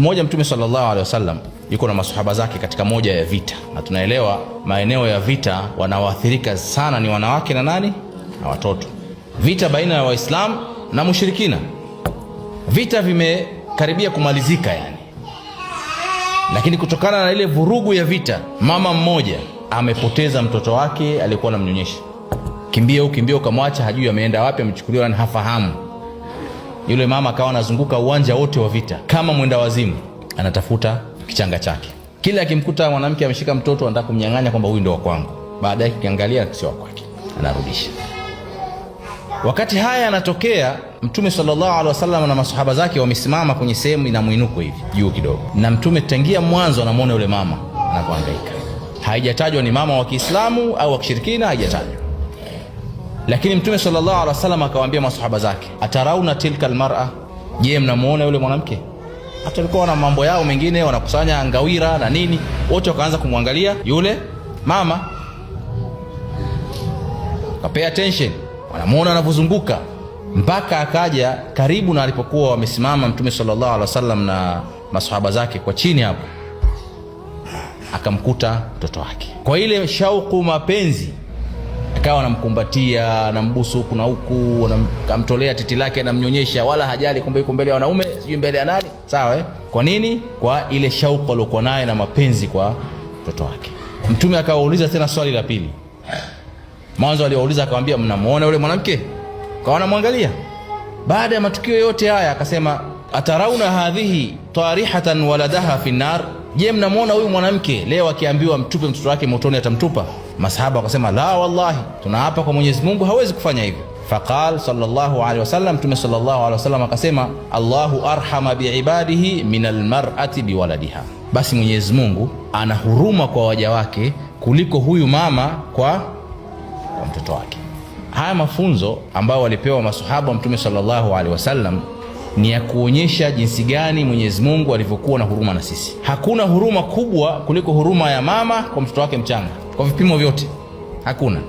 Siku moja Mtume sallallahu alaihi wasallam yuko na masahaba zake katika moja ya vita, na tunaelewa maeneo ya vita wanaoathirika sana ni wanawake na nani na watoto. Vita baina ya Waislamu na mushirikina, vita vimekaribia kumalizika yani, lakini kutokana na ile vurugu ya vita, mama mmoja amepoteza mtoto wake aliyekuwa anamnyonyesha. Kimbia ukimbia, ukamwacha hajui ameenda wapi, amechukuliwa, na hafahamu yule mama akawa anazunguka uwanja wote wa vita kama mwenda wazimu, anatafuta kichanga chake. Kila akimkuta mwanamke ameshika mtoto, anataka kumnyang'anya kwamba huyu ndo wa kwangu. Baadaye kiangalia sio wa kwake, anarudisha. Wakati haya yanatokea, Mtume sallallahu alaihi wasallam na masahaba zake wamesimama kwenye sehemu ina mwinuko hivi juu kidogo, na Mtume tangia mwanzo anamwona yule mama anapohangaika. Haijatajwa ni mama wa Kiislamu au wa kishirikina, haijatajwa. Lakini Mtume sallallahu alaihi wasallam akawaambia masahaba zake, atarauna tilka almar'a, je, mnamuona yule mwanamke? Hata walikuwa na mambo yao mengine, wanakusanya ngawira na nini, wote wakaanza kumwangalia yule mama, kapea attention, wanamuona anavyozunguka mpaka akaja karibu na alipokuwa wamesimama Mtume sallallahu alaihi wasallam na masahaba zake kwa chini hapo, akamkuta mtoto wake. Kwa ile shauku, mapenzi kawa anamkumbatia anambusu huku na huku, anamtolea titi lake, anamnyonyesha, wala hajali kumbe yuko mbele ya wanaume, sijui mbele ya nani. Sawa eh? Kwa nini? Kwa ile shauku aliyokuwa naye na mapenzi kwa mtoto wake. Mtume akawauliza tena swali la pili. Mwanzo aliwauliza akamwambia, mnamuona yule mwanamke? Kawa anamwangalia. Baada ya matukio yote haya akasema, atarauna hadhihi tarihatan waladaha fi nar Je, mnamwona huyu mwanamke leo akiambiwa mtupe mtoto wake motoni atamtupa? Masahaba wakasema la wallahi, tunaapa kwa Mwenyezi Mungu hawezi kufanya hivyo. Faqal sallallahu alaihi wasallam, Mtume sallallahu alaihi wasallam akasema Allahu arhama biibadihi min almar'ati biwaladiha, basi Mwenyezi Mungu ana huruma kwa waja wake kuliko huyu mama kwa, kwa mtoto wake. Haya mafunzo ambayo walipewa masahaba wa Mtume sallallahu alaihi wasallam ni ya kuonyesha jinsi gani Mwenyezi Mungu alivyokuwa na huruma na sisi. Hakuna huruma kubwa kuliko huruma ya mama kwa mtoto wake mchanga, kwa vipimo vyote hakuna.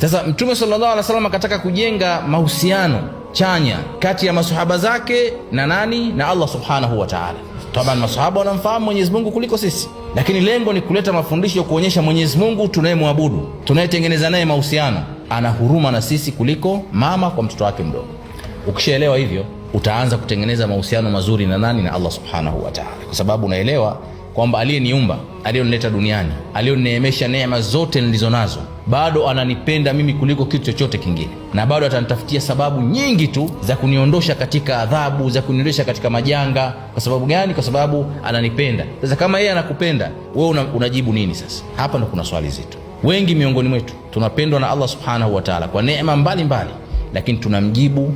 Sasa Mtume sallallahu alaihi wasallam akataka kujenga mahusiano chanya kati ya masahaba zake na nani? Na Allah subhanahu wa taala. Taban, masahaba wanamfahamu Mwenyezi Mungu kuliko sisi, lakini lengo ni kuleta mafundisho ya kuonyesha Mwenyezi Mungu tunayemwabudu, tunayetengeneza naye mahusiano, ana huruma na sisi kuliko mama kwa mtoto wake mdogo. Ukishaelewa hivyo, utaanza kutengeneza mahusiano mazuri na nani? Na Allah subhanahu wa ta'ala, kwa sababu unaelewa kwamba aliyeniumba, aliyonileta duniani, aliyoneemesha neema zote nilizo nazo, bado ananipenda mimi kuliko kitu chochote kingine, na bado atanitafutia sababu nyingi tu za kuniondosha katika adhabu, za kuniondosha katika majanga. Kwa sababu gani? Kwa sababu ananipenda. Sasa kama yeye anakupenda wewe, una, unajibu nini? Sasa hapa ndo kuna swali zito. Wengi miongoni mwetu tunapendwa na Allah subhanahu wa ta'ala kwa neema mbalimbali, lakini tunamjibu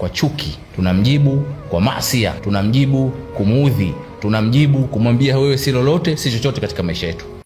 kwa chuki, tunamjibu kwa masia, tunamjibu kumuudhi, tunamjibu kumwambia wewe si lolote si chochote katika maisha yetu.